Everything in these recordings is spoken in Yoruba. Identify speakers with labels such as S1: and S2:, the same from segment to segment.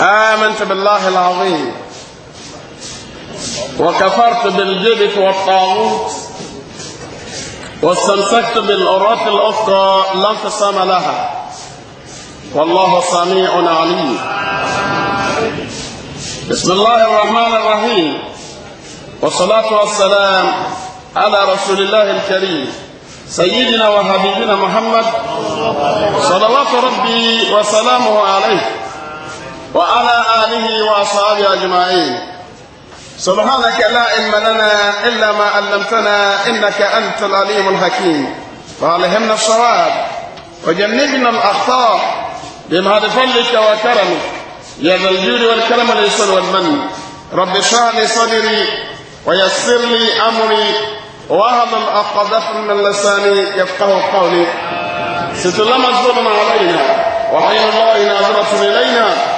S1: آمنت بالله العظيم وكفرت بالجبت والطاغوت واستمسكت بالأوراق الأخرى لا انقسام لها والله سميع عليم بسم الله الرحمن الرحيم والصلاة والسلام على رسول الله الكريم سيدنا وحبيبنا محمد صلوات ربي وسلامه عليه وعلى آله وأصحابه أجمعين سبحانك لا علم لنا إلا ما علمتنا إنك أنت العليم الحكيم وعلمنا الصواب وجنبنا الأخطاء بما بفضلك وكرمك يا ذا الجود والكرم والإحسان والمن رب اشرح لي صدري ويسر لي أمري وهب الأقضاء من لساني يفقه قولي ست الله مجبور علينا وعين الله ناظرة إلينا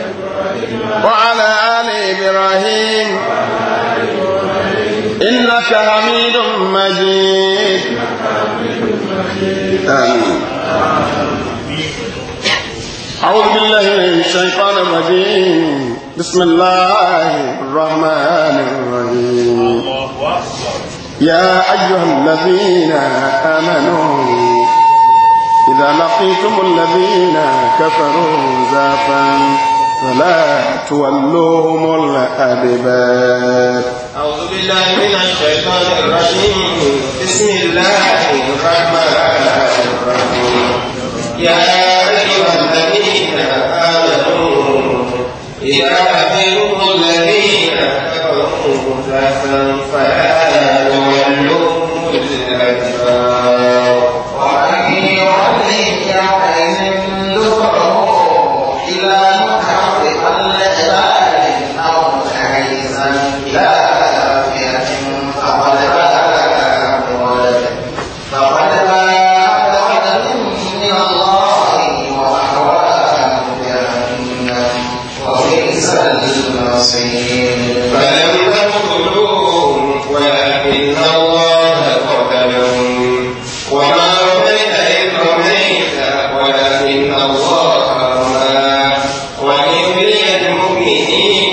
S1: وعلى آل إبراهيم إنك حميد مجيد آمين أعوذ بالله من الشيطان الرجيم بسم الله الرحمن الرحيم يا أيها الذين آمنوا إذا لقيتم الذين كفروا زافا فلا تولوهم الأدبار أعوذ بالله من الشيطان الرجيم بسم الله الرحمن الرحيم
S2: يا أيها الذين آمنوا إذا لقيتم الذين كفروا ثلاثا فلا للمؤمنين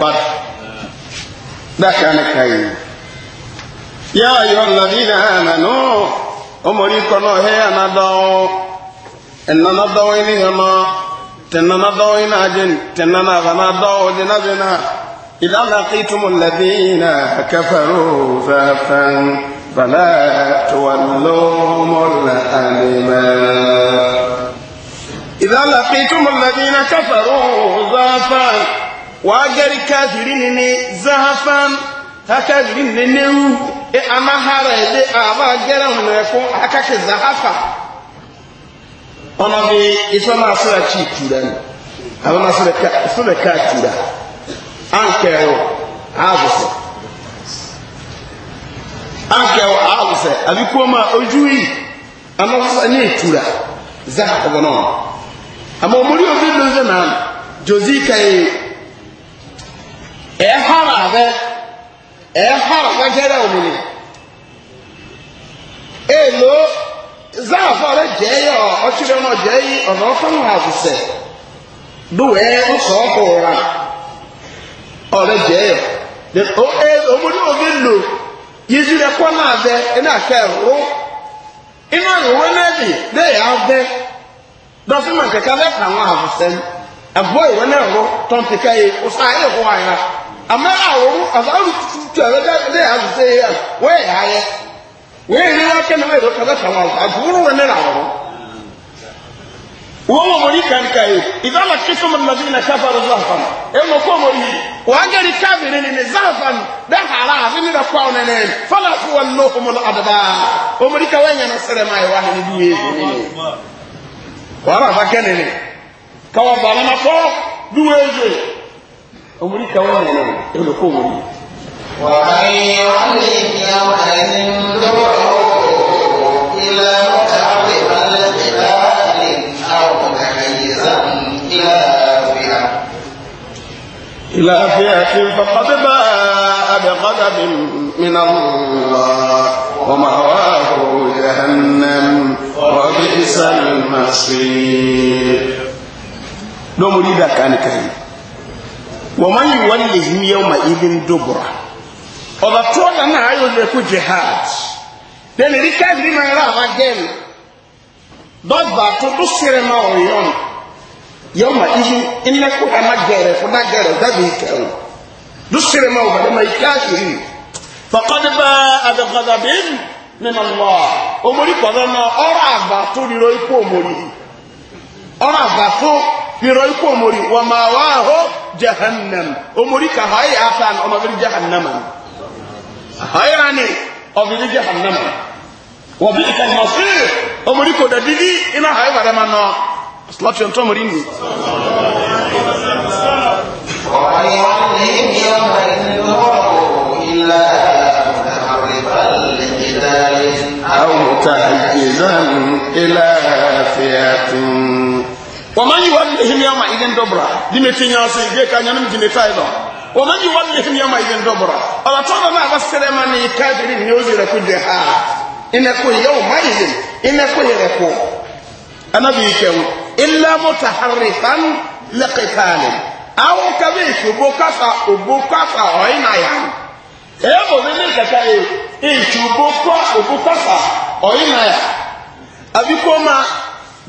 S1: البر ده كان كاين يا أيها الذين آمنوا أمريكم هي ندعو إن ندعو إليهما تن ندعو إناجن تن ندعو جنبنا إذا لقيتم الذين كفروا فافا فلا تولوهم الأدبار إذا لقيتم الذين كفروا زافا wagari kaziri nene zahafan ta kaziri nene u e amahara ede aba gara mu eko aka ke zahafa ona bi iso na so ya chi tudan aba na so ka so le ka tura anke ro azu anke ro azu se abi ko ma ojui ama so ni tudan zahafa bono ama omuri obi lo ze na jozi kayi. E ɛhara abɛ ɛhara gbɛgyɛrɛ omuni elo zaafɔ rɛ gyɛɛ ɔtwerɛ yi ɔfam ha do wɛɛ de o e lo yezu rɛ kɔ na abɛ ɛna ahwɛ ɛho ina ɛho n'ɛbi de yɛ abɛ dɔfima kɛkɛ bɛ ka ho ha sisɛ ɛbɔ ɛho n'ɛho tɔmpika yi ɔsɔ ayɛ ayɛ. àmọ́ àwòrán àtàwọn tuntun ẹ̀rọ dẹ́ àtúnṣe yẹ wọ́n yẹ ayẹ wọ́n yẹ níwá kẹ́ni wọ́n yẹ lọ́kàn lọ́kà wọn àtúwúrú wọn nínú àwòrán. wọ́n wọ̀ wọ́n ní kànkà yìí ìdáná kíkọ́ mọ́ nàbí nà káfà rẹ̀ záfàn ẹ̀ mọ̀ kọ́ wọ́n yìí wọ́n á gẹ́rì ni ní záfàn bẹ́ẹ̀ hàrà àfi ní ẹ̀ omuli kawo nene ono ko omuli إلى فئة فقد باء بغضب من الله ومأواه جهنم وبئس المصير لو مريدك أنك هنا ومن يولهم يومئذ دبره ọba tó ọ̀nà náà ayò lè kú jihad lẹ́nu rí káàkiri máa rà wá gẹ́ẹ̀mù dọ́gba tó tó sẹ́rẹ̀ máa wọ̀ yọ̀n yọ̀n ma ihu ńlẹ́kù ẹ̀ma gẹ̀rẹ̀ fún dá gẹ̀rẹ̀ dábì kẹ̀rù tó sẹ́rẹ̀ máa wọ̀ bàdé ma káàkiri fọkàdé bá àdàgbàdà bẹ́ẹ̀ nínú lọ omori kọ̀dọ̀ náà ọ̀rọ̀ àgbà tó biro ikú omori wà máa wá hó jahannam omori ka hayi asan ọmọbìnrin jahannama hayi ani ọmọbìnrin jahannama wà bí ìkà mọ̀sí omori kò dàdídí iná hayi wà dama nọ asilatu yẹn tó omori nù. أو متحجزا إلى فئة ومن يولهم يومئذ دبرا دمتي نياسي بيكا نيانم جنتا ايضا ومن يولهم يومئذ دبرا الله تعالى ما بسر من يكادر نيوزي لكو جها إنكو يومئذ إنكو يركو أنا بيكو إلا متحرفا لقتال أو كبيش بوكاسا بوكاسا أين أيام Evo nene kata e, e chubokwa obukasa oina ya. Abikoma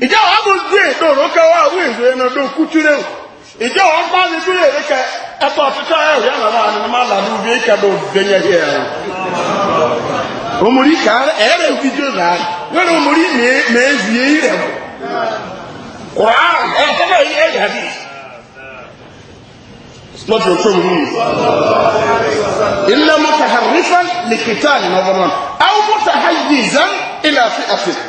S1: ìjọ wa mo gbé ìdòrò kẹwà àwọn èdè ẹnu ọdún kútúrẹ o ìjọ wa bá mi dúró èrè kẹ ẹtọ títọ ẹrù yẹn lọrọ àná má lànà ubi ẹkẹ ló dẹyẹ yẹ ẹ o omori kà ẹrẹ fídíò náà lórí omori mẹẹzi èyí rẹ o kura ẹ yìí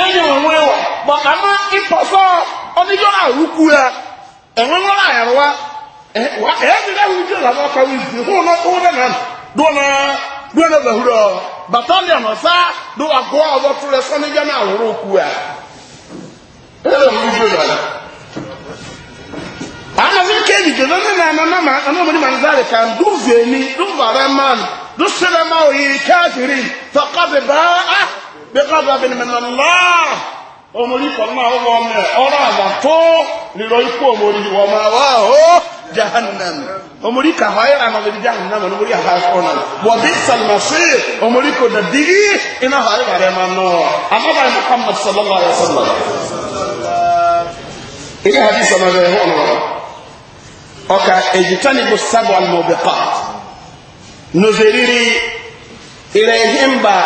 S1: ẹ̀yìn òun ẹ̀wọ̀ bọ̀kà má ìpọ̀sọ́ ọdíjọ́ àrùkú ya ẹ̀wọ̀n wọn àyàrá wa ẹ̀yìn náà wíjọ́ làwọn ọkọ̀ wí sí fún ọ̀nà owó náà dúnà dúnà bẹ̀húrọ̀ bàtàlíọ̀nù ọ̀sá ló àgọ́ ọ̀bọ̀ tó ya kan bẹ́kọ̀dọ̀ bí mẹ́nà láà omori kọ̀ọ̀mà ọwọ́ ọmọ ọ̀rọ̀ àgbà tó rírọ ikú omori wọ́n máa wá ó jahannam omori kàwá yẹn e àná bíi jahannam omori àgbà ọ̀nà wọ́n bí salmasi omori kò dà dígí iná hà yẹn e bàrẹ̀ máa nọ amábàá muhammad sallallahu alayhi wa sallam ilé hadi sọ̀rọ̀ rẹ̀ wọ́n wọ́n ọkà èjìtánibù sábọ̀ àlùmọ̀ bẹ̀kọ̀ nùzẹ̀rìrì ìrẹ̀ yìí ń bá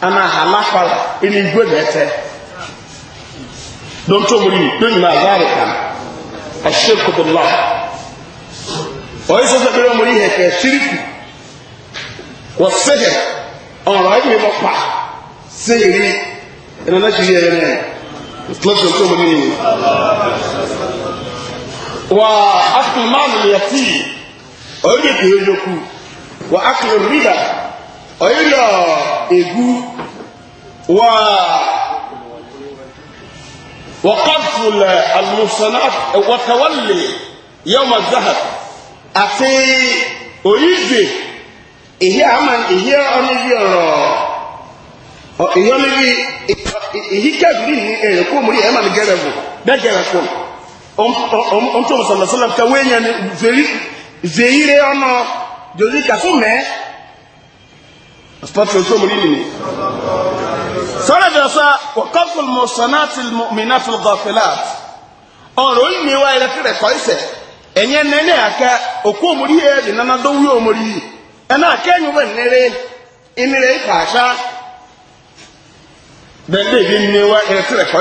S1: ana halafala ili igwe mete don to muri don na zalika ashirku billah oyi so se bere muri heke shirku wa sihr ọ̀rọ̀ ayé mọ̀ pa sèyí ẹ̀rọ náà ṣe yẹrẹ náà ìtọ́jú tó wa akùnmáàmù yẹ tí ọ̀rọ̀ yẹ kìí wa akùnrin rida la egu wa وقذف المحصنات وتولي يوم الذهب أتي أيزي إيه أمان إيه أنيزي إيه أنيزي إيه كابرين إيه كوم ري أمان جربو ده جربو أم أم أم توم صلى الله عليه وسلم كوين يعني زي زي ري أنا جوزي كسومه أصبحت أنتم مريني سنة جلسة وقف المحصنات المؤمنات الغافلات ọ̀rọ̀ yìí ni wá ilẹ̀ tí rẹ̀ kọ́ ìsẹ̀ ẹ̀yẹ nẹ́nẹ́ àkẹ́ òkú òmùrí yẹ di nana dówí òmùrí yìí ẹ̀nà àkẹ́yìn wẹ̀ nẹ́rẹ́ ìnirẹ̀ ìkàṣá bẹ́ẹ̀ bí ni wá ilẹ̀ tí rẹ̀ kọ́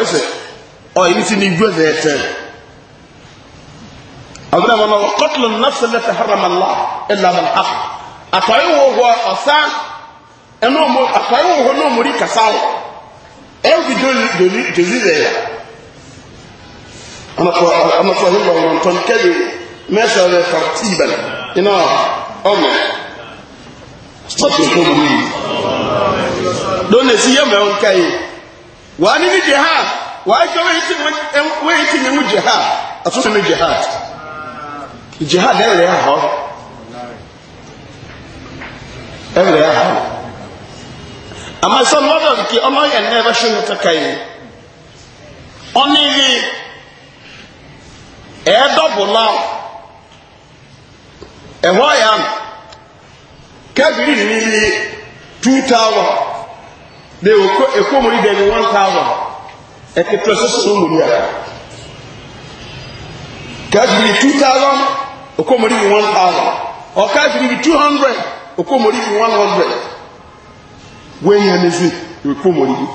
S1: ìsẹ̀ ọ̀ ɛnna ɔmo akwaraa wɔ hɔ na ɔmo di kasa wɔ ɛnbi doli doli doli lɛ ya anafɔ anafɔ ahi wɔ wɔn tɔn kɛyɛ mɛsɛ lɛ tartiba ina ɔmɛ sɔtɔ tó mu yi do na esi yɛ mɛ wɔn kɛyɛ wɔn ani ni jihad wɔn ahyɛ wɔn eti wɔn eti ne mu jihad atoso ne jihad jihad ɛyɛ ɛyɛ ahɔ ɛyɛ ɛyɛ ahɔ ama sɛ mɔdɔ e e ke ɔma yɛ nnɛ bɛhwe no kaka yi ɔne yi ɛɛdɔbola ɛhɔ ya no kabiri ne yi two thousand de ɔkɔ ɛkɔ mu yi dɛni one thousand ɛkɛtɛ e soso mu yi a kabiri two thousand ɔkɔ mu yi one thousand ɔkabiri two hundred ɔkɔ mu yi one hundred wéyàn ní sí ìkó mọ̀ níbi.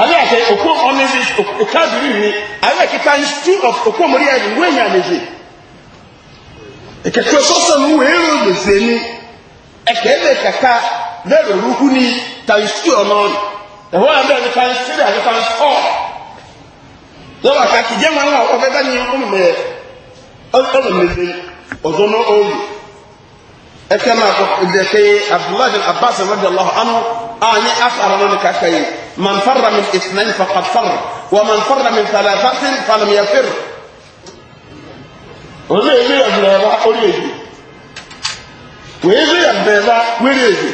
S1: Àbí àti òkú ọmọ sí ìkáàbìrì ni, àbí àkíkà ń tú òkú ọmọ rí ẹni wéyàn ní sí. Ìkẹ̀kẹ́ sọ́sọ́ ní wèé rò lè ṣe ní ẹ̀kẹ́ lè kàkà lẹ́rọ̀ rúkú ní tàìsí ọ̀nà rẹ̀. Ẹ̀họ́ àbẹ̀ ní tàìsí rẹ̀ àti tàìsí ọ̀. Lọ́wọ́ àkàkì jẹ́ wọn àwọn ọ̀fẹ́ bá ní ọmọ mẹ́ẹ̀ ọ̀sán náà ó ẹkẹ náà kọ ẹdẹkẹ yẹ abdullahi abbas rabi allah anu a nye asara náà nìka kẹ yẹ man farra min isnayin faqad farra wa man farra min talafatin falam yafir. olú èyí yà bẹ̀rẹ̀ wá olú èyí wèyí yà bẹ̀rẹ̀ wá wẹ́rẹ́ èyí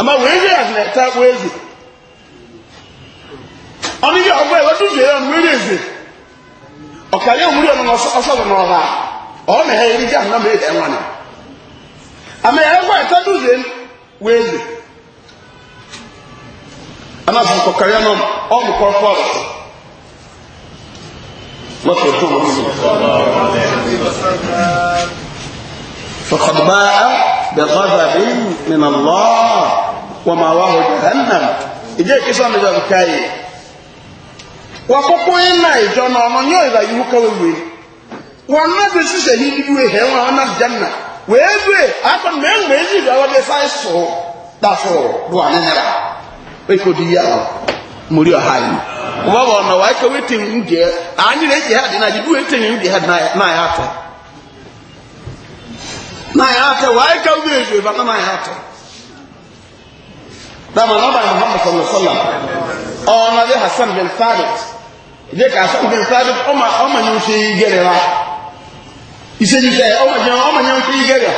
S1: àmà wèyí yà bẹ̀rẹ̀ tá wẹ́rẹ́ èyí ọ̀nà yà ọ̀gbẹ́ wọ́n dùn yẹn ọ̀nà wẹ́rẹ́ èyí ọ̀kà yẹ wúlò ọ̀nà ọ̀sọ̀ ọ̀sọ̀ ọ̀nà ọ̀la ọ̀nà ẹ̀yẹ ama yɛ ɛfɔ ɛka do zɛn wɛlɛ ana fɔ kɔkɔrɛ no ɔmo kɔrɔfɔ ɔmo so lɔtɔ tó wɔn mu فقد باء بغضب من الله ومأواه جهنم إذا كسر من ذلك wakɔkɔ yi na ìjọ na ɔno nyɛ ɔyɛ ayiwu kawo wei wɔn na bɛ sisɛ hi bi wei hɛ wɔn a wɔn na gya na E wee due akọ na enwe ezi bi awọ defa so dafo do anenera eko di ya muri ọha yi ọba bọ na wa ike wetin ndeɛ anyị na eji ha di na ji du wetin ndeɛ ha na ya atọ na ya atọ wa ike ezu eba na ya atọ dama na ya muhammad sallallahu alaihi bin ọma ha. He said, ìṣèjì sẹ ọmọ jẹun ọmọ yẹn kú igẹrẹ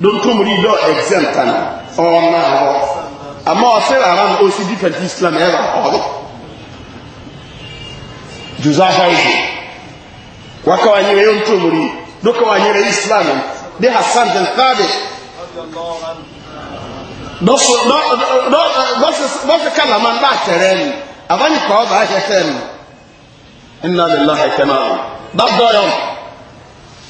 S1: dontom rí dọ exempt ana ọmọ àwọ àmọ ọsẹrẹ ara ní oṣù different islam ẹ rà ọrọ jùzá haihu wákà wà nyere yóò ntom rí dókà wà nyere islam dé hasan bin kadi dọ́sẹ̀ kálàmà ńlá àtẹ̀rẹ́ ni àbáyé kọ́ ọba ahẹ́fẹ́ ni ẹ̀ ń nà lè lọ́hẹ̀kẹ́ náà dábọ̀ yọ̀.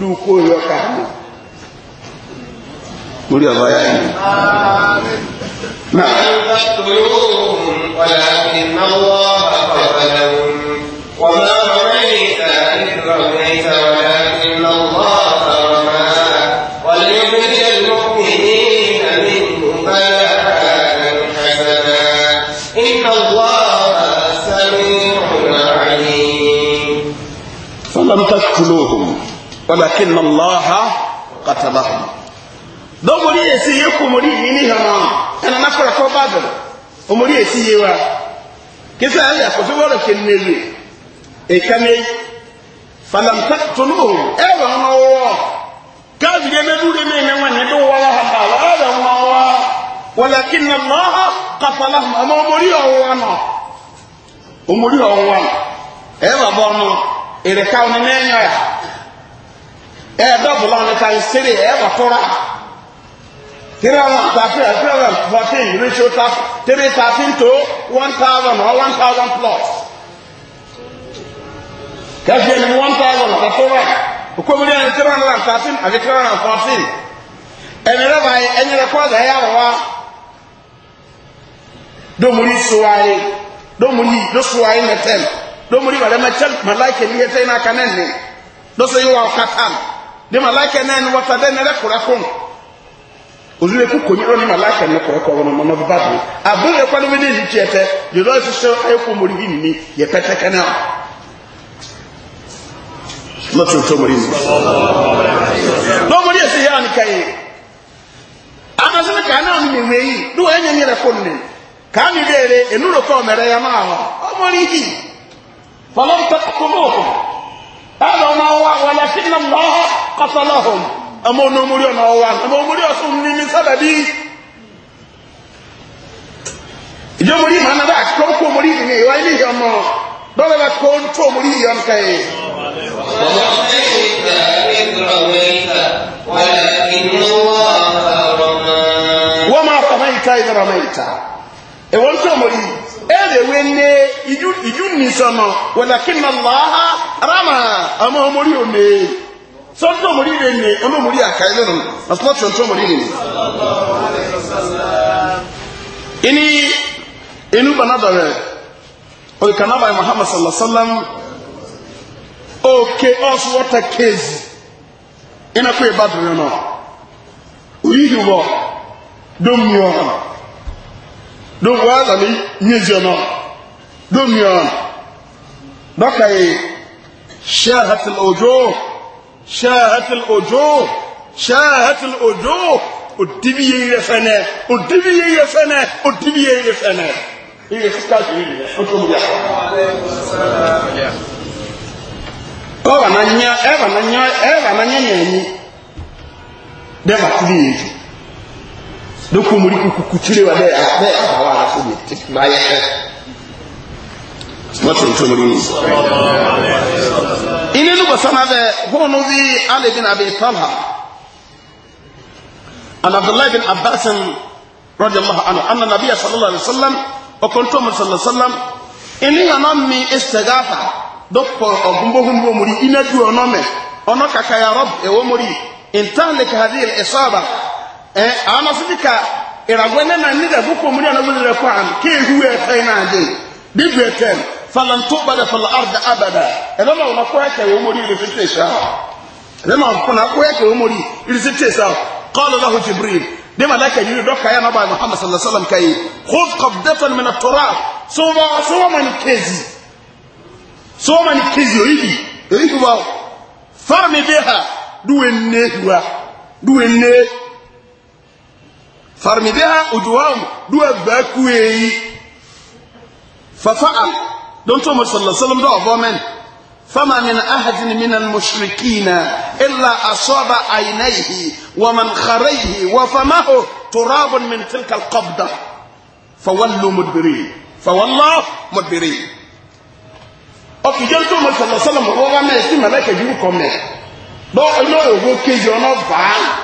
S1: dúkó yọ káàkiri orí ọba yá ni. Náà. فلم تقتلوهم walakin allaha qatalahum don muri esi ye ko muri yini hana ana na fara ko badal o muri esi ye wa kisa ala ko fi wala ken nele e kame falam taqtuluhum e wa ma wa kazi de me dure me me wan do wala ha bala ala ma wa walakin allaha qatalahum ama muri o wa no o muri o wa e wa bo ere ka o ne ya ɛɛdɔ bolo ne ka nsere ɛɛma tora three one thirty three one fourteen ratio three thirteen to one thousand or one thousand plus kɛse ni one thousand ɔka tora okomiri ɛni three one and thirteen àti three one and fourteen ɛnirɛ ba yi ɛnyɛrɛ kɔ ɛdɛ ɛyà wa domori suwaye domori do suwaye mɛtɛm domori wɛrɛ mɛtɛm malaike ni yɛtɛ yi n'aka nɛni do so yi wa ɔka tam. de malaika e náà ni wata dẹ nẹrẹ kura kọ nù òzúlẹ̀ kú kònyí lọ́nà malaika ní kọ̀ọ̀kọ̀ wọn ọmọ ọmọ bá dùn àbúrò ẹ̀kọ́ ní méjèèjì tiẹ̀ tẹ yòlọ́ ìṣiṣẹ́ ẹ̀kọ́ mọ̀rí yìí nìyí yẹ pẹ́tẹ́ kẹ́nà lọ́tún tó mọ̀rí nù. lọ́mọdé èsì yá ni kàyé anasini kàá náà mi nìwé yìí ló ẹ̀yẹ mi rẹ̀ fóònù nìyí kàá mi mere ya ló kọ́ mẹ̀rẹ̀ yà máa wọ̀ ọmọ هذا ما هو ولكن الله قتلهم أما نمري أنا هو أما نمري أصلني من سببي ìjọmọ̀rí ma náà kọ́ kó mọ̀rí ìrìn ìwá ilé ìyọ̀ mọ̀ dọ́lọ́lá kó ń tó mọ̀rí ìyọ̀ ń kẹ́ yìí. wọ́n máa fọmọ́ ìta ìrọ̀mọ́ ìta ìwọ́n tó mọ̀rí yìí. erewe nne iju nisɔnɔ walakin malaha rama ama omori one sɔntɔ omori de ne ama omori akayi lɛnu asuma sɔntɔ omori de ne. ini inu bana dɔrɛ olikana bayi muhammad sallallahu alaihi wa sallam oke ɔsuwɔta keezi ina ko eba dɔrɛ nɔ oyi hiwɔ domiɔ. do waza ni nyezi ono do mion doka yi shahat al ojo shahat al ojo shahat al ojo o dibi ye ile fene o dibi ye ile fene o dibi ye ile fene ile fiska ju ile o to mu ya ko wa nya e wa nya e wa nya nya ni de ma ti ye ju doko muri kukutire wa ne ne abawa aso ye titima muri yi. ine nu basana bɛ hɔnu bi ali bin abi talha an abdullahi bin abbas rɔdi allah anu anna nabiya sallallahu alaihi wa sallam ɔkɔntɔ mu sallallahu alaihi wa sallam ini yana mi istagafa dɔkɔ ɔgunbogunbo muri ina du ɔnɔ mɛ ɔnɔ kakaya rɔb ɛwɔ muri intan leke hadi ɛsaba. Eh, ama so dika iragwe ne na ni da buko muri na bulira ko am ke huwe sai na de bibwe tem falan tubada fal ard abada ebe ma una ko yake wo muri ile fite sha ebe ma ko na ko yake wo muri ile fite sha qala lahu jibril de malaka yiri doka ya nabai muhammad sallallahu alaihi wasallam kai khudh qabdatan min farmibiha ujuwam duwa bakuweyi fafa'al don to musallallahu sallam do of women fama min ahadin min almushrikina illa asaba aynayhi wa man kharayhi wa famahu turabun min tilka alqabda fawallu mudbirin fawallahu mudbirin ọkì jẹ́ tó musallallahu sallam wọ́n wá mẹ́ẹ̀sì mẹ́lẹ́kẹ̀ẹ́ yìí kọ́ mẹ́ẹ̀ lọ́ọ́ inú òwò kejì ọ̀nà bàá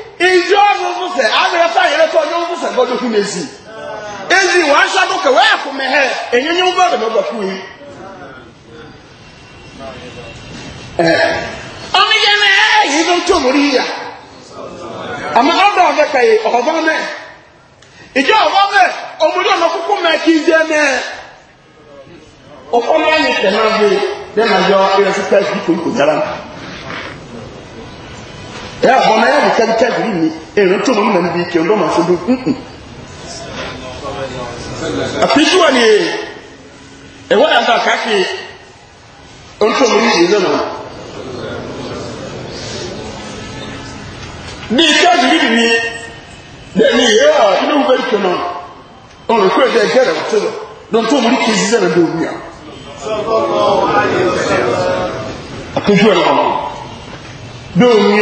S1: ìjọ ọ̀rùn sẹ̀ àgbẹ̀yẹsẹ̀ àyẹ̀lẹ́sẹ̀ ọjọ́ ọ̀rùn sẹ̀ gbọ́dọ̀ fún èzì èzì wà á ṣàdó kẹwẹ́ ẹ̀kọ́ mẹ́hẹ́ èyí ni wọ́n bẹ̀rẹ̀ lọ́gbà fún yìí. ọmọ yẹn ní ẹ yìí ló ń ya bɔnna ya de kari kari ni ɛnu eh, tó mu nana bi kɛ ɔdɔ ma fo do nkun mm, mm. apisi wa ni ye ɛwɔ yà ntɔ kaki ɔn tó mu ni yi nana ni kari ni ni dɛni ye oh, wa ina wo bɛri kɛnɛ ɔn kó ɛdɛ gɛrɛ o tó lɔ dɔn tó mu ni kezi zɛnɛ do mi a apisi wa ni do mi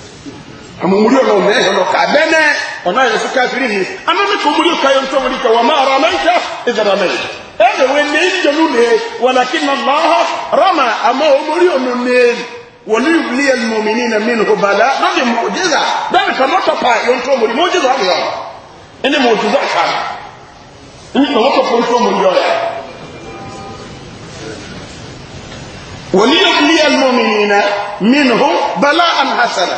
S1: amumuri ọ̀nà ọ̀nà ẹ̀hẹ́ ọ̀nà kàbẹ́nẹ́ ọ̀nà ẹ̀yẹ sọ́kà fìrí mi anáníkà omuri ọ̀kà yẹn tó omuri kẹwàá máa rà mẹ́ta ìdára mẹ́rin ẹ̀rẹ̀ wẹ́n ní ìjọlú ní wàlákì nàlọ́hà rọ́mà àmọ́ omuri ọ̀nà ní wọ́n ìwúlí ẹ̀ mọ̀mìnì nà mí nìkú bàlá lọ́dì mọ̀jíza bẹ́ẹ̀ kà mọ́tọ̀pà yẹn tó omuri mọ̀jíza ọ̀yọ́ ẹni mọ̀jíza ọ̀kà ẹni mọ̀tọ̀pà yẹn tó omuri ọ̀yọ́ wọ́n ìwúlí ẹ̀ mọ̀mìnì nà mí nìkú bàlá àmì hasana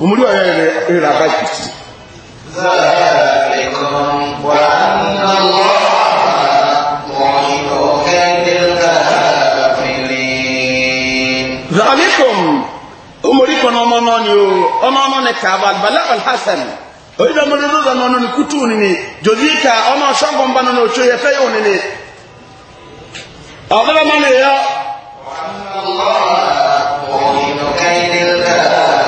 S1: omuli oyo era bagiti zalikum omuli kono omononi o omononi kabal balagal hasan oyiba omululuza nononi kutunini jozika ono shongomba nono ocoyeteyonini ọdọba mọ nìyọ. wàhálà ọ̀hìn ọ̀kẹ́ ilé ńlá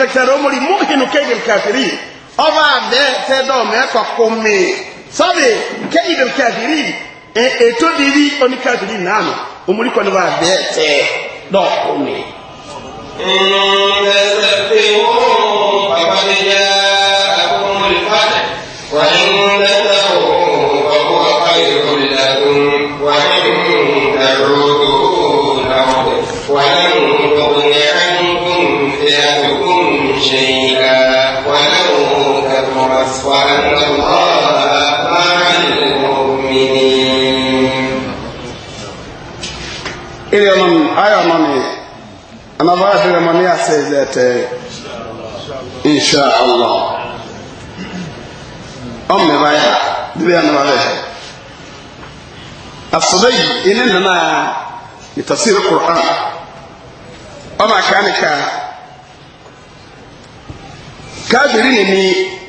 S1: tẹ̀tẹ̀rẹ̀ omori múhìnú kéyìn kẹfìrí ọba abẹ́ tẹ́dọ̀ mẹ́kọ̀ kó mi sọ́bi kéyìn kẹfìrí ètò dìrí oníkẹfìrí nànú omori kọ́ni bá abẹ́ tẹ́ dọ̀ kó mi. وإن ilé ọmọ mi ayé ọmọ mi anabara ti rẹ mọ ní àṣẹ ilé ẹtẹ inṣàlá ọmọ mi báyà bíbí anabara rẹ asọdẹ yìí ilé nana ìtàsí rẹ ọmọ akánika káfíìrì nìyí.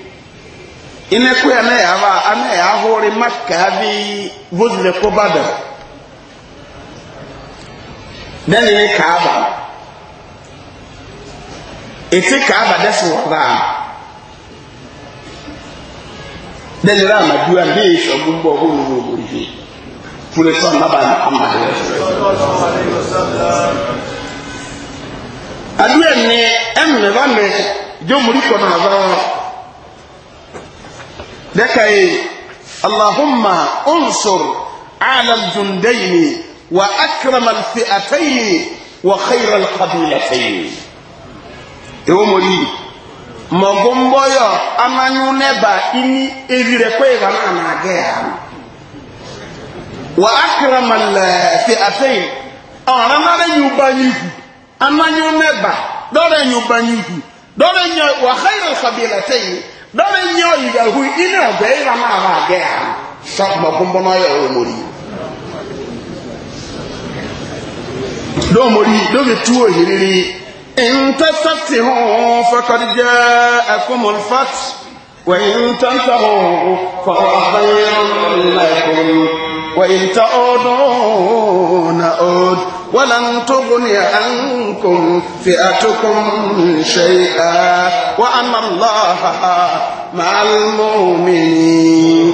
S1: inekwe anayehava anayehahore makavi vozile kobada then ine kaaba ete kaaba dɛsi wɔdaa then ira amadua ne yɛ sɔ gbogbo ɔbɔ ɔbɔ ɔbɔ yi fure tɔn naba na ama aduane ɛnu ne ba mɛ jomori kɔnɔ na ba. دكاي اللهم انصر على الجندين واكرم الفئتين وخير القبيلتين يومري مغمبويا امانو نبا اني ايري كويغا انا غيها واكرم الفئتين انا ما يبانيكو امانو نبا دورا يبانيكو دورا وخير القبيلتين dɔbɛ nyɛ ɔyigahu ina ɔbɛ ira naa ba agɛ ya sɔ mɔkumbɔnɔ yɛ o mori dɔw mori dɔw bɛ tu ohiriri ntɛsɛti hɔn fɛkɔdijɛ ɛkɔmɔlifat wɛyin tɛntɛ hɔn fɔwɔ fɛn yɛn lɛkɔn. وإن تعودون أود ولن تغني عنكم فئتكم شيئا وأن الله مع المؤمنين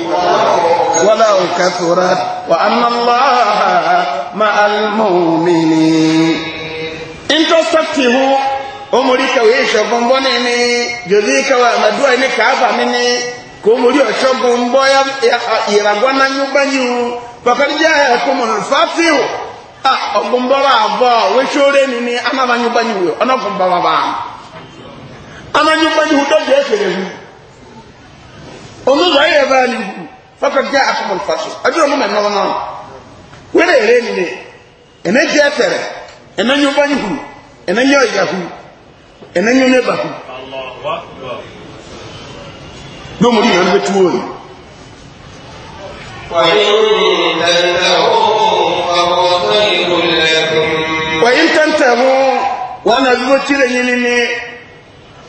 S1: ولو كثرت وأن الله مع المؤمنين إن تستفتحوا أمريكا ويشوفون بني جزيك وأمدوا إنك عفا مني komuli oshogo mbo ya iragwa na nyumba nyu bakarija ya komo fatihu ah ogombora avo weshore nini ama banyumba nyu ona gomba baba ama nyumba nyu do de fere hu onu za ya bali bakarija ya komo fatihu adiro mu menno no were ere nini ene je tere ene nyumba nyu ene nyoya hu ene nyune bahu Allahu akbar lómọdé yẹn bẹ tuwo ni. wàyín tẹ́ntẹ́ hún wọn náà wíwọ́ tí lè yín ní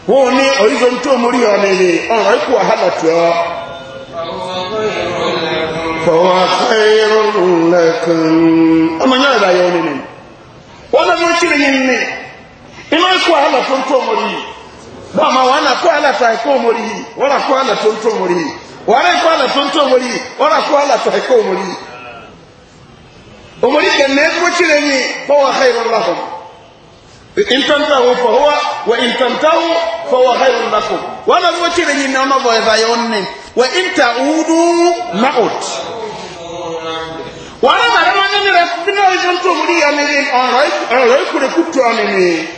S1: wọn ò ní oríṣi tó mọ̀rí ọ̀ nìyí ọ̀rọ̀ ikú wàhálà tó ọ. fọwọ́ akẹ́rù lẹ́kùn. ọmọ yẹn ìdáyọ̀ nínú wọn náà wíwọ́ tí lè yín ní iná ikú wàhálà tó ń tó mọ̀rí yìí dama wana kwala taiko mori wana kwala tonto mori wana kwala tonto mori wana kwala taiko mori omori kan ne ko cireni fa wa khairul lakum in tantahu fa huwa wa in tantahu fa huwa khairul lakum wana ko cireni na ma boy fa yonne wa in ta'udu ma'ud wana da ramanya ne re bino jonto mori ya ne en roi en roi ko kutu amene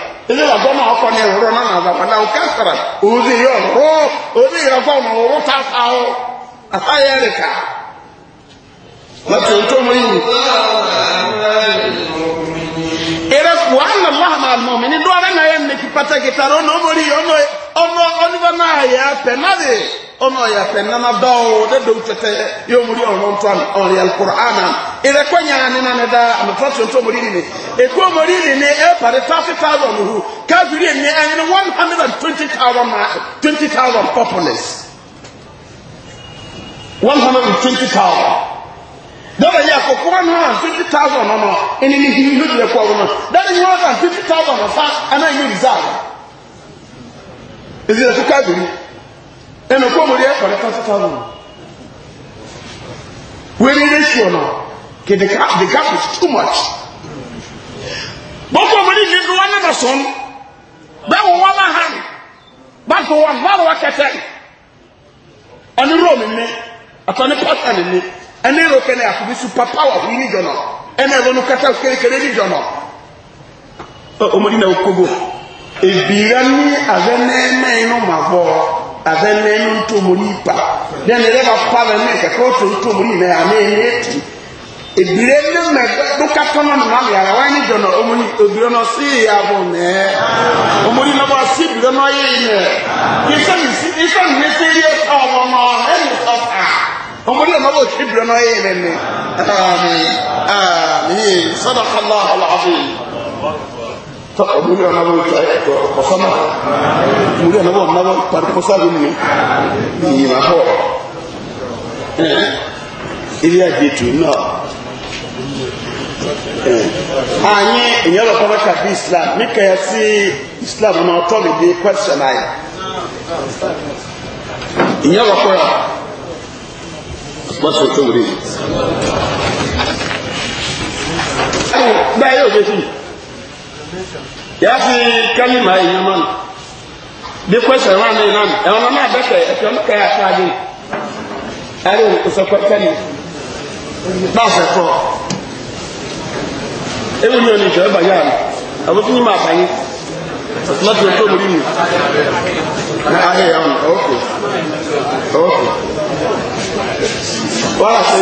S1: ilé wà gbọ́mọ̀ ọkọ ní ìwúrọ̀ náà àgbàpàdà òkèsàrà òzì yọ rọ òzì yọ fọmọ òwú ta sáwọ àfáyẹ rẹ ká lọ́tọ̀ tó mú yìí. eré kù á nà lọ́hà máa mọ̀ mí ní dọ́ọ̀rẹ́ náà yẹn ní pàtàkì tààrà ọ̀nà ọmọ rí ọ̀nà ọ̀nà ọ̀nà náà yẹ ọmọ ya fẹ nana dọwọ dẹdọ tẹtẹ yóò mú di ọrọ ntọ àná ọrẹ alukur'ana ìrẹkọnyà nínà ní dáa àmọtọ tuntun mọ rírì ni èkó mọ rírì ni ẹ pàdé thirty thousand hu kábírì ni ẹ one hundred and twenty thousand na twenty thousand populace one hundred and twenty thousand dọ́là yẹ àkókò one hundred and twenty thousand ọ̀nà ẹni ní hihi ló di ẹ̀kọ́ ọ̀rọ̀ náà dọ́là one hundred and twenty thousand ọ̀fà ẹ̀ náà yẹ reserve ẹ̀sìn ẹ̀sìn kábírì ẹnu kó mo rí ẹ̀kọ́ ní thirty thousand wẹ́rẹ́ ratio náà kì the gap the gap is too much. bọ́kú ọmọdé yìí ló wá nígbà sọ́n bẹ́ẹ̀ wọ́n wá bá hàn báńkì wọn bá lọ́wọ́ kẹtẹ́ ẹni róòmù ni àtọ́ni pátá ni ni ẹni èrò kẹ́ni àkùbí super power fún yín níjọ náà ẹni ẹ̀rọ nu kẹtẹ́ kékeré níjọ náà ọmọdé náà kógo èbìrẹ́ ní abẹ́nẹ́mẹ́ inú màbọ́ azɛnɛ nu ntomori pa dɛn ɛdɛ ba pa bɛ mɛ kɛkɛ o to ntomori mɛ ame ne tu ebire ne mɛ do katɔ na nana mi ara wani dɔnɔ omori ebire na si ya bɔ mɛ omori na ba si ebire na ye mɛ isa si isa ne se ye ɔwɔ nɔ ɛmu ɔfa omori na ba si ebire na ye mɛ mɛ ami ami sadaka allah alaafee muri ana bo kosama muri ana bo na bo par kosa bi ni ni ma ho ili aje tu no anyi inyalo kwa ka bi islam mika ya si islam na oto bi di question ai inyalo kwa wasu tumuri báyìí ò bẹ́ẹ̀ sí yasi kalima yi nyama no bi kwesa wa ne nam ɛwɔ nam abɛsɛ ɛfɛ mo kɛyɛ ataade ɛri nsɛkɔ kɛni baasa kɔ ebi mi oni jɔ ɛba yaa no abosi nyi ma abanyi ɔtuma tó tó mori mu na ahe ya ɔno ɔwɔkò ɔwɔkò wɔn asɛ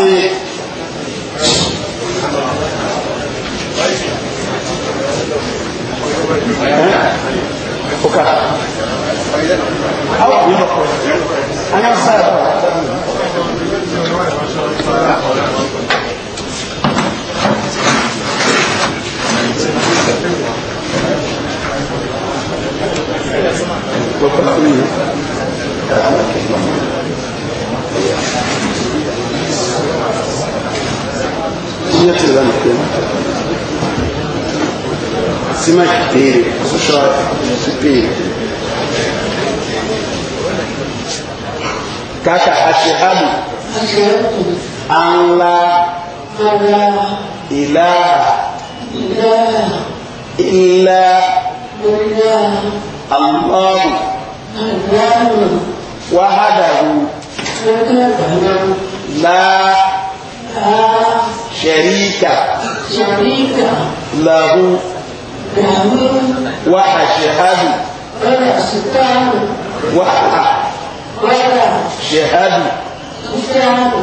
S1: yi ọkà àwọn ìlọpọ̀ anyá uma espelho, você chora, espelho. Caixa achegado. Anla.
S2: Anla.
S1: Ilá.
S2: Ilá.
S1: Ilá. Ilá. Allah. Allah. Wahadahu. Wahadahu. La. La. Sharika. Sharika. Lahu.
S2: وحشهد
S1: وحشهد وحشهد
S2: وحشهد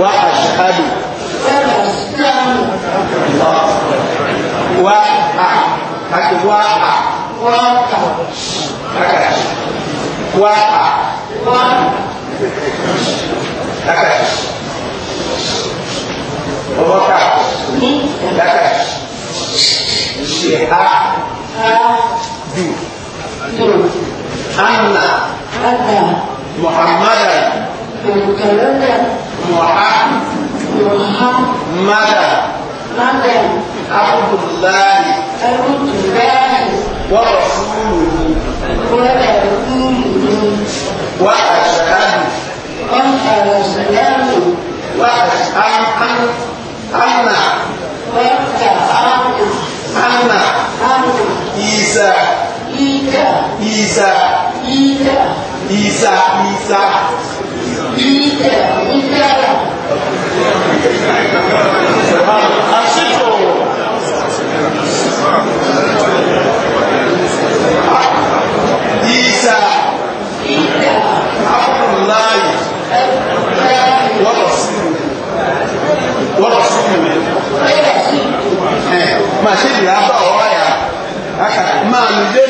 S2: وحشهد haki waha waha takashi waha waha takashi ọmọka daka ṣe a du anna muhammadan muhammadan abdullahi wa rasuluhu wa ashhadu wa ashhadu
S1: wa ashhadu
S2: Isa. Isa. Isa. Isa. Isa. Isa. Àṣìkò. Isa. Isa. Abdullahi.
S1: Wọ́n lọ sí mi. Màṣẹ́ ìyá bá ọ̀rọ̀ yà. Màá mi dé.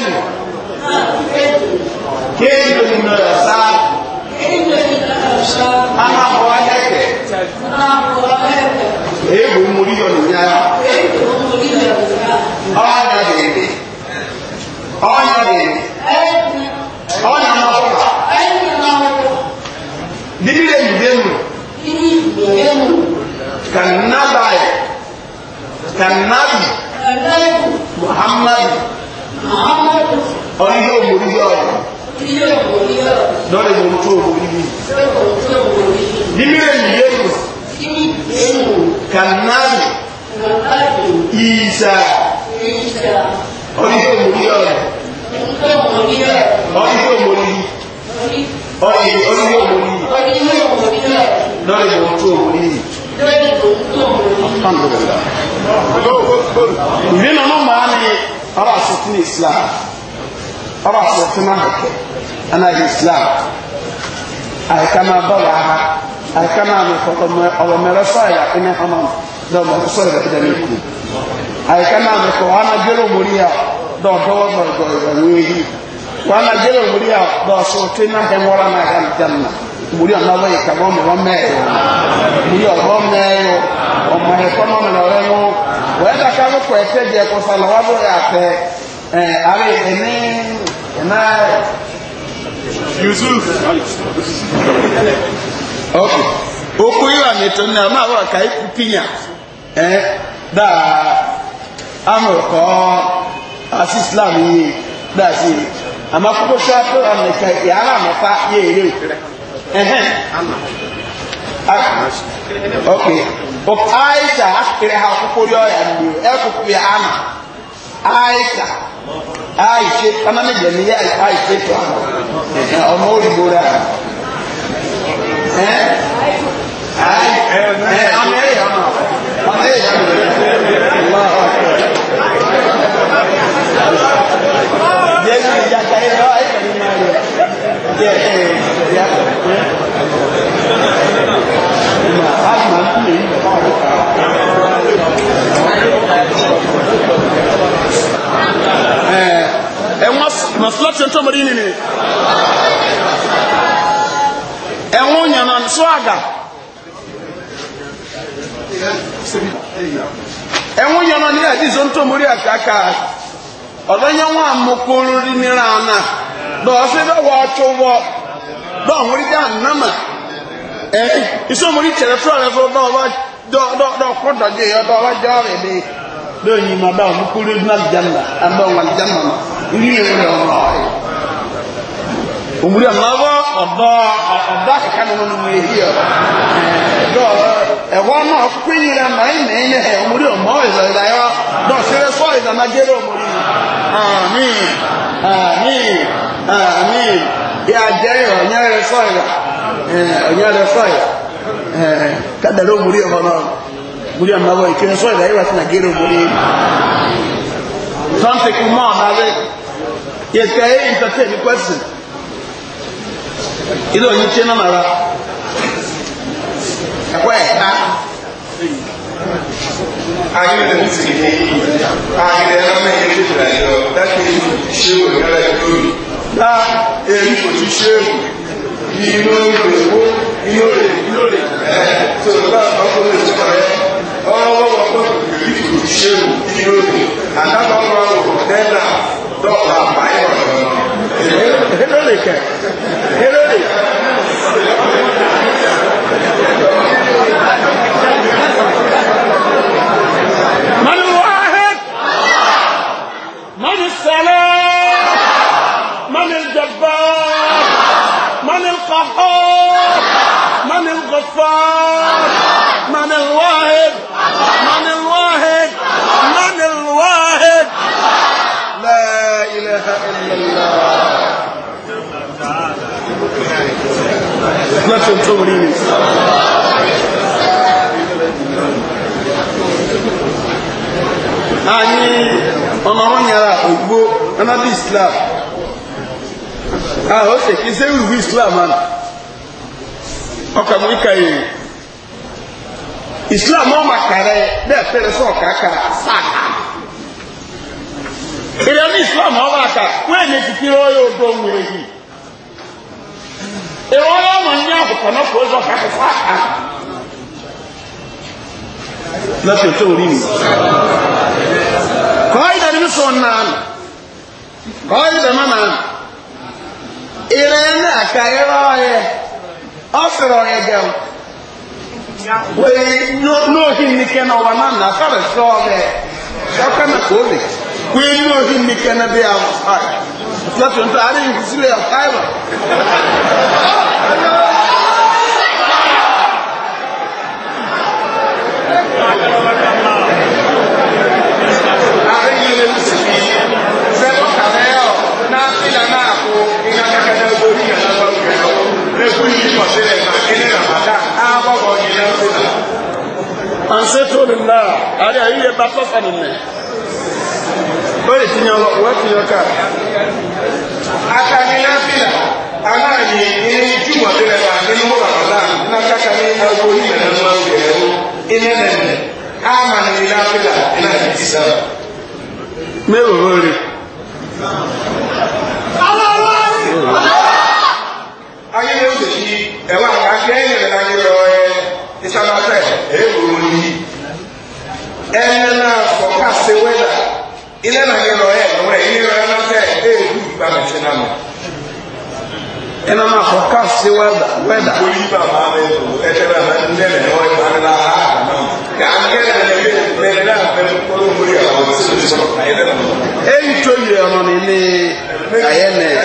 S1: na ọnya bèbè ọnya bèbè
S2: ọnya n'ọkpa
S1: bibiri ebibemu kanabai kanabi muhammadu ọyọ omori yọọ lọ́rẹ̀ ìwọ̀n tó wò ní bí. Nímìrè
S2: yìí yéèkù,
S1: kànáàlì, ìsà ọdún tó mòrí ọ̀rọ̀
S2: ọdún tó mòrí ọdún tó mòrí
S1: lọ́rẹ̀ ìwọ̀n tó mòrí
S2: alhamdulillah
S1: ìrìnà náà máa ní ọ̀rọ̀ àṣetí ní islam ọ̀rọ̀ àṣetí náà hẹ̀kẹ́ anáyé islam àìkà máa bọ̀ wà á àìkà máa ní ọ̀rọ̀ mẹ́rẹ́fà yà ẹni hàn náà dɔnku ɔsɔrɔ bɛ kida ne ku ayi kana mi kɔ wana jɛlɛ omori a dɔn dɔwɔ dɔn dɔn ɛwɛ yi wana jɛlɛ omori a dɔn so te na bɛn wɔra na yɛrɛ mi dɛm na omori a n'awɔ yi kaba ɔmɔ mɛ yɔ omori a ɔmɔ mɛ O ɔmɔ yɛ kɔnɔ mi na ɔrɛ yɔ wɛ ta ka mi kɔ ɛtɛ jɛ kɔsa la wa do yɛ atɛ ɛɛ ari ɛni ɛna yusuf ok okuyi wa mi to na ma wa ka iku pinya da dáa amọ̀kọ́ àti islam yìí dáa sí i àmọ́ kókó sọ́ọ́tò ọ̀nìkan yàrá àmọ́fà yé èrè òkúrẹ́ ẹ̀hẹ́n ok aisha akere ha kókó rí ọ̀yà mi ẹ kókó yà ama aisha aisha ọmọ mi jẹ mi yẹ aisha tó àná ọmọ òyìnbó rẹ àná ẹ ẹ ọmọ ẹ yẹ ọmọ. Eh, eh, maslati ntɔ mɔri nini ɛŋo eh, nyana nso aga ẹ̀wọ̀n yẹn náà ní àdìsó ń tó mórí àkàkà ọ̀dọ́ yẹn wọn àmọ́kóró rí nira àná lọ́ọ́ sí lọ́wọ́ ọtún wọ lọ́ọ́ mórí dá nàmà ẹ̀ ìsọ́mórí tẹ̀lé fúlọ̀ rẹ̀ fún dọ́ọ̀ kó dọ̀jẹ́ yọ dọ́ọ̀ bá jọ́ rẹ̀ bí lóyún ma bá wọn kúrò ní aljanna àbá wọn aljanna ma ní ìwé ọ̀rọ̀ ayé òmùrí àmọ́ ọ̀dọ́ ọ̀dọ́ àkàkà nínú ìwé yìí ọ̀dọ́ ọ̀rọ̀ ẹ̀wọ́ náà pín yìí náà máa ń mẹ́ ẹ̀ omori ọmọ ìzọ̀ ìdáyọ́ dọ̀sẹ̀rẹ̀ sọ ìdánagẹ́rẹ́ omori àmín àmín àmín yà jẹ́ ọ̀nyẹ́rẹ́ sọ ìdá ọ̀nyẹ́rẹ́ sọ ìdá kádàlẹ́ omori ọmọ náà omori ọmọ náà ìkíni sọ ìdá yíwá sí na re yes kẹ́ ẹ̀kọ́ ẹ̀ta ayélujára ní ti kéde yìí ayélujára náà mẹ́rin ní ìlà yọ dákẹ́ ṣé o ní ọ̀rẹ́ tó rí dá èyí kò ti ṣe é ní inú rẹ̀ wó inú rẹ̀ inú rẹ̀ ẹ̀ tó bá ọkùnrin rẹ̀ tó rẹ̀ ọwọ́ ọkùnrin rẹ̀ kò ti ṣe é inú rẹ̀ àtàkùn ọkùnrin rẹ̀ dẹ́nà dọ́ọ̀lá báyọ̀ ọ̀rọ̀ ẹ̀ الغفار من الواهب من الواهب من الواهب لا إله إلا الله ما تنتظرين أني أنا رنيا أنا بإسلام أهو سيكي سيكي إسلام أنا ọkà mú ika yìí islam ọmọ kàrẹ bẹẹ fẹrẹ sọ kàkà sáà ìrẹ ní islam ọmọ àkà wọn èmi ti kiri ọyọ odò nwere yìí ìrọ ọyọ ọmọ ní àkùkọ náà kò sọ kàkà sáà lọsẹ tó rí mi kọ́ ìdàrí mi sọ náà kọ́ ìdàrí mi náà ìrẹ ní àkà ìrọ ọyẹ ɔsoro yɛ dɛm wei n'ohi nike na ɔba nan na sɔrɔ sɔɔ bɛ sɔkɛ na k'o le wei n'ohi nike na bi awo ayi sɔsɔ nta ari nkisi le ɔkai ma. Thank you. anseto nila ari ayi yɛ ba tɔfa ni mɛ wɛrɛ ti nyɔ lɔ wɛ ti nyɔ ka. akani nafila ana yi ɛni ju wa ti lɛ ba ninu ramada na kaka ni awo yi mɛ na ma wɛ o ɛnɛ nɛ mɛ ama ni nafila ɛna ti ti sa. mɛ o wɛrɛ. ẹ̀wọ̀n àgbẹ̀ ẹ̀yìn náà ń lọ ẹ ìsàmàtẹ̀ èèwòrò yìí ẹ̀yìn náà fọkàsí wẹ́dà ilẹ̀ náà ń lọ ẹ̀ lọ́wọ́ ẹ̀yìn náà ń tẹ̀ èèwù ìgbàmẹ̀sẹ̀ náà ẹ̀nà máa fọkàsí wẹ́dà. orí bàbá mi ẹ̀jẹ̀ bá mi ń lẹ́nu ẹ̀wọ̀n ìgbàmẹ̀ náà á kà náà kí àgbẹ̀ ẹ̀yìn
S2: náà ń lẹ́nu olóògbé àwọn tí ó ti sọ̀rọ̀
S1: ayẹ́lẹ́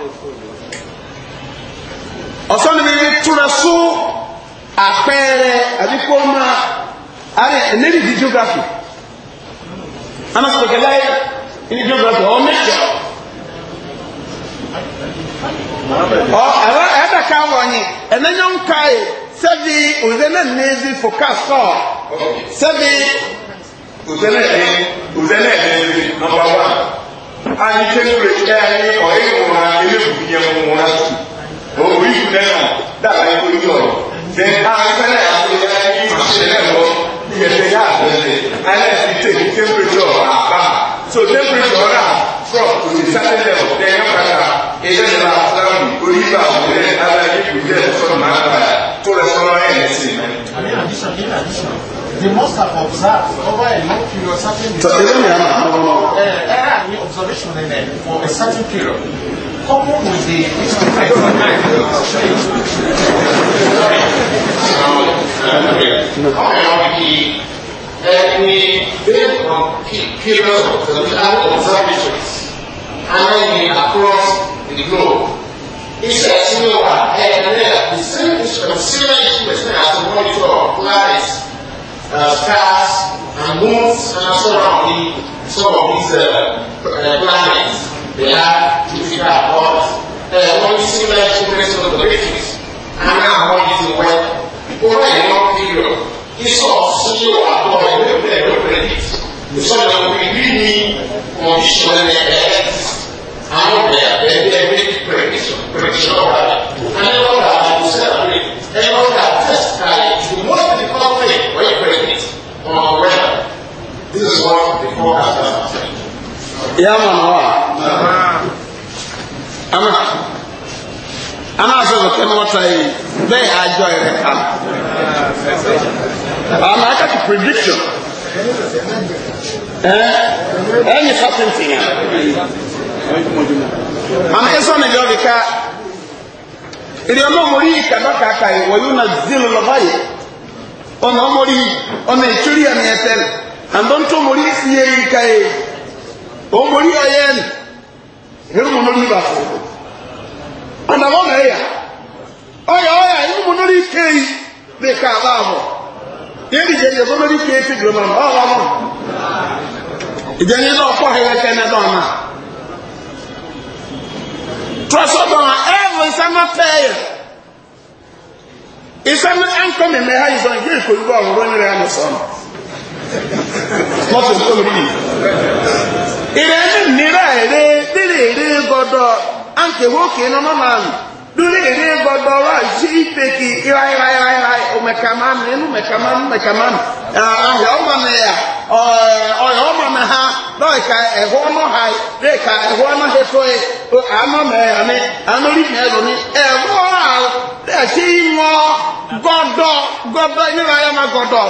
S1: ọ̀sán ni túnra sún àpẹẹrẹ àdíkò máa ààrẹ ẹ̀nẹ́rì di geography anásìkò láyé ní geography ọ mẹ́jọ ẹ̀ẹ́dẹ̀ká wọ̀nyí ẹ̀nẹ́nyọ́ ń ka ẹ̀ sẹ́bi òṣèré náà nẹ́ẹ̀sì fòkásọ̀ sẹ́bi òṣèré náà nẹ́ẹ̀sì nọmba wán àyíkẹ́ lórí ẹ̀ ẹ̀yìn ọ̀rẹ́ ìwòrán ilé ìwòrán òwò yìí nẹ́nà dàbà ikú yọ ṣe àgbẹ̀lẹ̀ àgbẹ̀lẹ̀ yìí ṣẹlẹ̀ lọ ìyẹ̀fẹ̀ yà àgbẹ̀lẹ̀ alẹ́ tèmi temperature àbá so temperature náà from to the certain level then yẹn kàkà ẹ̀jẹ̀ ní wàá sáwọn onígbà òwúrẹ̀ aláyé ìwúrẹ̀ sọ̀rọ̀ máa bàa tó rẹ̀ sọ̀rọ̀ they must have observed over a long period certain error in eh, eh, eh, observation in there for a certain period coupled with the experience of life
S2: any based on periods of observations and then across the globe iṣẹ́ ìṣúná wa ẹ̀ẹ́dẹ́gbẹ̀rẹ́ the same
S1: instrument similar instrument as the monitor polaris uh, stars
S2: and moons and so on some of these uh, uh, planets. They have Jupiter bodies. Uh, when you see like children of the bridges, and now what is the weather? a long period, he saw CEO at all, and we played no credit. So that we really condition the earth. I know they are very, very prediction, prediction of
S1: ya mama wa ana ana asọ zọkẹ na wata yi bẹẹ ajọ yẹrẹ kan ana aka ti prediction ẹ ẹ ní sọtìntì yẹn ana ẹsọ ni jọ bi ká ìdí ọmọ mori yìí kàdá kàkà yìí wọ́n yóò na zil lọ́ba yìí ọ̀nà ọmọ mori yìí ọ̀nà ìtúrí ẹ̀mí ando nto mori ye ikaye o mori ayen heru mo ni ba anda mo na ya oya oya imu mo ni kei be ka ba mo yeri je je mo ni kei fi gro ma ba ba mo ije ni no ko he ke na do na trust on every summer fair isam anko me me ha izo ngi ko yugo ro ni re ha no so lọ́sọ̀ tó lórí yìí. ìrẹ́ ní nira èrè dèrè èrè gbọdọ̀ ànkèwókè nọ́nà máa lù dúró èrè gbọdọ̀ wá sí ìpèkì ìrà ìrà ìrà ìrà òmẹ̀kàmán nínú mẹ̀kàmán mẹ̀kàmán ahìá ọmọ mi yà ọ̀yọ̀ ọmọ mi ha lọ́ọ̀ka ẹ̀họ́ ọmọ ha lẹ́ẹ̀ka ẹ̀họ́ ọmọ ha tó yẹ àmọ́ mẹ́yà mi àmọ́ rí mẹ́lò mi ẹ̀họ́ àti ìmọ̀ gbọdọ̀ gbọdọ̀ ìnira yà má gbọdọ̀.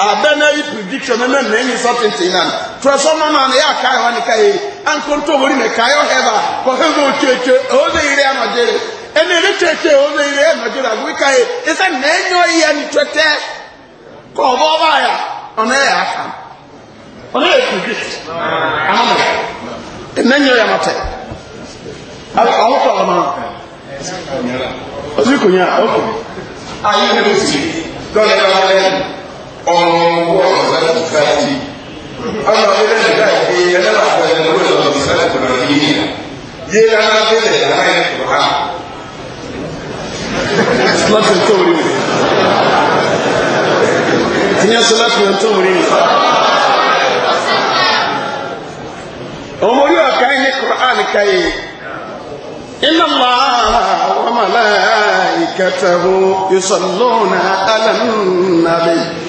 S1: abenary prediction na na enyi certainty na trust no man ya kai wa ni an konto wori me kai o ko heva o cheche o ze ire ano jere ene re ire ano kai na enyo ya ni ka ọ bo ya ona ya aka ona ya ya mate awo ko ma ọmọ ọ̀rọ̀ sáàtì ọmọ ilẹ̀ nígbà tí ẹlẹ́wà pẹ̀lú owó ìlọ́dún sáàtì lọ sí yìí yé ara bẹ̀rẹ̀
S2: láì tó ha.
S1: láti tó orí mi ìyẹn sọ láti tó orí mi. ọmọ orí ọ̀ka ẹni kùrán káyé iná máa wọ́n mọ̀ láì kẹtẹ̀wó ìsọ̀lọ́nà alẹ́ nàbẹ́yì.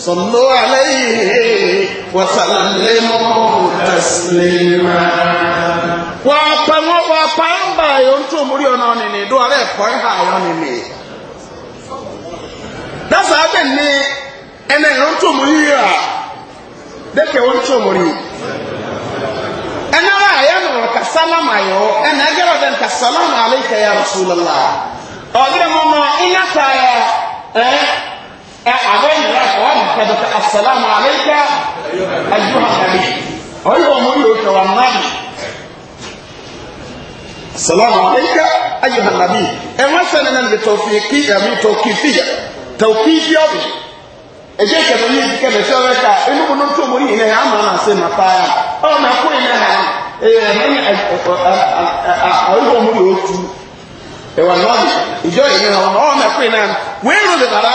S1: صلوا عليه وسلموا تسليما wàpamọ́ wàpamba yóò ń tó múrí ọ̀nà ọ̀nìní dùn ọ̀rẹ́ ẹ̀kọ́ ẹ̀hà ayọ̀ nìní. dasa abẹ ní ẹnẹ yóò ń tó múrí yíyà dẹ́kẹ̀ wọ́n ń tó múrí. ẹnẹ bá ayé nù ọ̀ka sálámà yọ ẹnẹ ẹgbẹ́rún ọ̀dẹ̀ nǹka sálámà alẹ́ kẹyà rasulala àbẹ́yìn rẹ̀ wọ́n mú kẹ́dọ̀ pé asalaamu aleyka ayu hanabi ọ̀yẹ́ wọn mú yóò kẹwàá nàbì asalaamu aleyka ayu hanabi ẹ̀ wọ́n sẹ́ni náà lè tọ́kì kí ẹ̀mí tọ́kì fìyà tọ́kì fìyà bì ẹ̀jẹ̀ kẹ̀mẹ́ ní ìdí kẹ̀mẹ́ sí ọ̀rẹ́ ká ẹnu mú tó mú yìí náà àmà náà sẹ́ nàpá yà ọ̀ nà kó yìí náà ọ̀yẹ́ wọn mú yóò tu ẹ̀wọ̀n náà ìjọ yìí náà ọ̀ nà kó yìí náà wẹ́ẹ́rù lè bàrà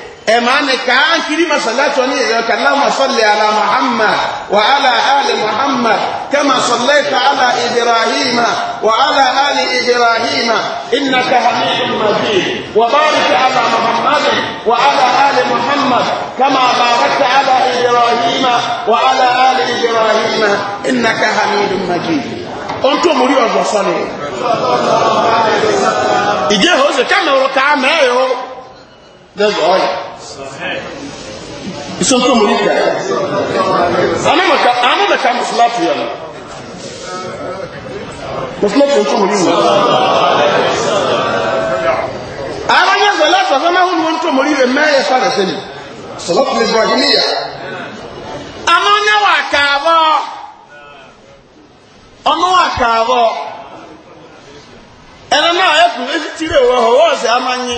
S1: امان كان كريم يا كلام صل على محمد وعلى ال محمد كما صليت على ابراهيم وعلى ال ابراهيم انك حميد مجيد وبارك على محمد وعلى ال محمد كما باركت على ابراهيم وعلى ال ابراهيم انك حميد مجيد انت مولى الرسول صلى
S2: الله عليه وسلم
S1: اجي هوزه كما ركعه lẹ́yìn ọ̀yà ìsọ́tọ̀ mọ̀ níkà anọ́mẹ̀ká mùsùlùmí yà mùsùlùmí tó mọ̀ níwọ̀n àwọn yẹn zọ láti ọ̀sán náà wọn tó mọ̀ níwọ̀n mẹ́yẹ fara sẹ́ni sọlọ́pù ibrahimiya àwọn yẹn wà ẹkùn etí tirẹ̀ wọ̀ ọ̀wọ́ amanyi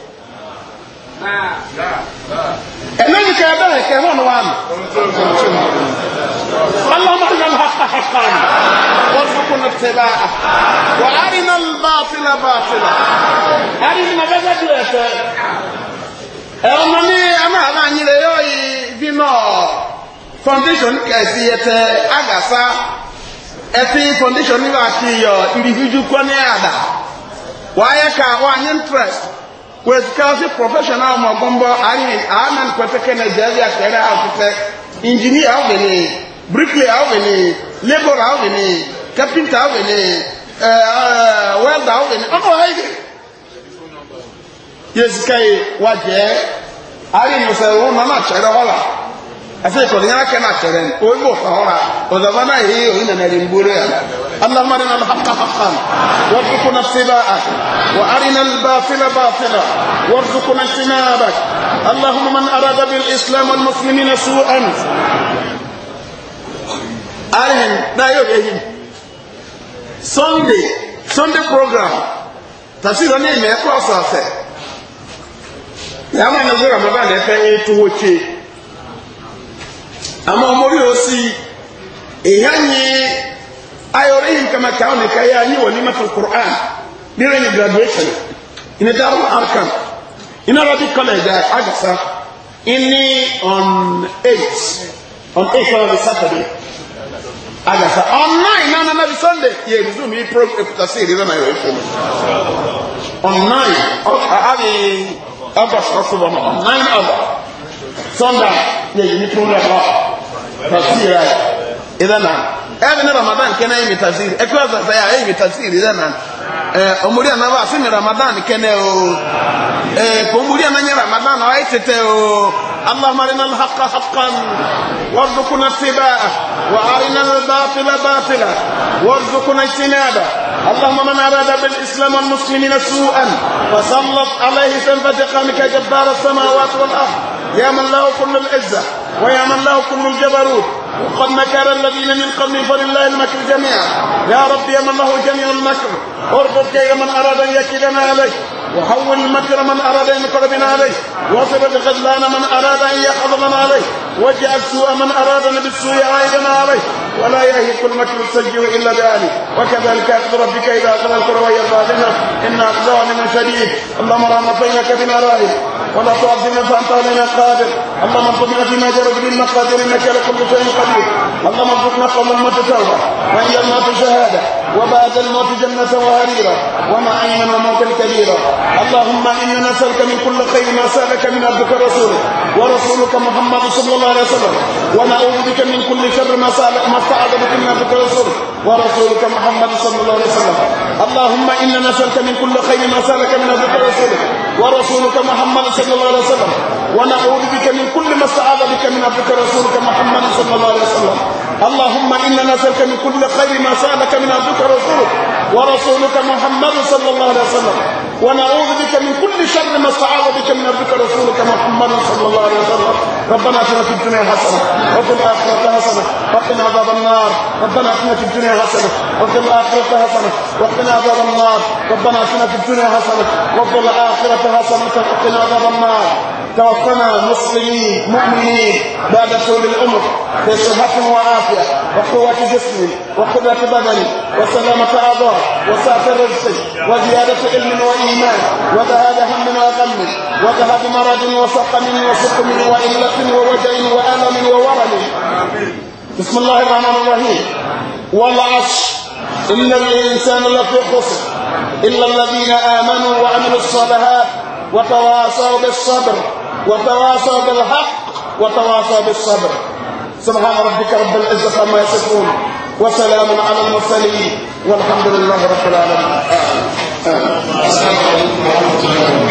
S1: ẹlẹ́yìn kẹ ebe kẹ wọ́n wà اللهم الحق حقا وارزقنا اتباعه وارنا الباطل باطلا ارنا يا kwesikasi professional mo gombo ani anan kweteke na jazi akere akete engineer awe ni bricklayer awe ni laborer awe ni carpenter awe ni eh welder awe ni ono haide yesikai waje ari musa wo mama chere wala ase ko nyara kana teren o bo fahora o da bana yi o ina na rimburu ya Allah marina al haqqa haqqan warzuqna tibaa wa arina al batila batila warzuqna tinabak اللهم من أراد بالإسلام والمسلمين سوءا أرهن لا يبهن Sunday Sunday program tafsir ne me ko asase ya ma na zura mabanda fa e tuwo ce ama omori osi ehanye ayorehi kama kaone kaya ni walimatul qur'an nire ni graduation ina darul arkan ina rabi college agasa ini on eight, on eight, on saturday agasa on nine, na na na sunday ye resume ni program tafsiri na yo ifo on nine, 9 abi agasa so on 9 agasa sunday ye ni program تفسيرا إذا نعم أبن رمضان كان أي تفسير أكواز فيا أي تفسير إذا نعم امور أنا واسمي رمضان كان او امور أنا رمضان وأيتت اللهم أرنا الحق حقا وارزقنا اتباعه وأرنا الباطل باطلا وارزقنا اجتنابه اللهم من أراد بالإسلام والمسلمين سوءا فسلط عليه سنفة قامك جبار السماوات والأرض يا من له كل العزة ويا من له كل الجبروت وقد مكر الذين من قبل فلله المكر جميعا يا رب يا من له جميع المكر اربط كيد من اراد ان يكيدنا عليه وحول المكر من اراد ان يقربنا عليه واصرف الخذلان من اراد ان يحضرنا عليه واجعل سوء من ارادنا بالسوء عائدنا عليه ولا يهلك المكر السجي الا باهله وكذلك اخذ ربك اذا اخذ القرى وهي ظالمه ان اخذها من شديد اللهم رحمتك بنا رائد ولا تعظمنا فانت علينا قادر اللهم ارزقنا فيما جرت به المقادير انك على كل شيء قدير اللهم ارزقنا قوم الموت توبه وعند الموت شهاده وبعد الموت جنه وهريرا ونعيما وموتا كبيرا اللهم انا نسالك من كل خير ما سالك من عبدك ورسولك ورسولك محمد صلى الله عليه وسلم ونعوذ بك من كل شر ما سالك ما استعاذ بك من عبدك ورسولك ورسولك محمد صلى الله عليه وسلم اللهم انا نسالك من كل خير ما سالك من عبدك ورسولك ورسولك محمد صلى الله عليه وسلم ونعوذ بك من كل ما استعاذ بك من عبدك رسولك محمد صلى الله عليه وسلم اللهم إنا نسألك من كل خير ما سألك من عبدك رسولك ورسولك محمد صلى الله عليه وسلم ونعوذ بك من كل شر ما استعاذ بك من عبدك رسولك محمد صلى الله عليه وسلم ربنا اتنا في الدنيا حسنه وفي الاخره حسنه وقنا عذاب النار ربنا اتنا في الدنيا حسنه وفي الاخره حسنه وقنا عذاب النار ربنا اتنا في الدنيا حسنه وفي الاخره حسنه وقنا عذاب النار توفنا مسلمين مؤمنين بعد طول العمر في صحة وعافية وقوة جسم وقدرة بدن وسلامة أعضاء وسعة رزق وزيادة علم وإيمان وذهاب هم وغم وذهاب مرض وسقم وسقم وإلة كرب ووجع وألم وورم بسم الله الرحمن الرحيم والعش إن الإنسان لفي خسر إلا الذين آمنوا وعملوا الصالحات وتواصوا بالصبر وتواصوا بالحق وتواصوا بالصبر سبحان ربك رب العزة عما يصفون وسلام على المرسلين والحمد لله رب العالمين آمين.
S2: آمين.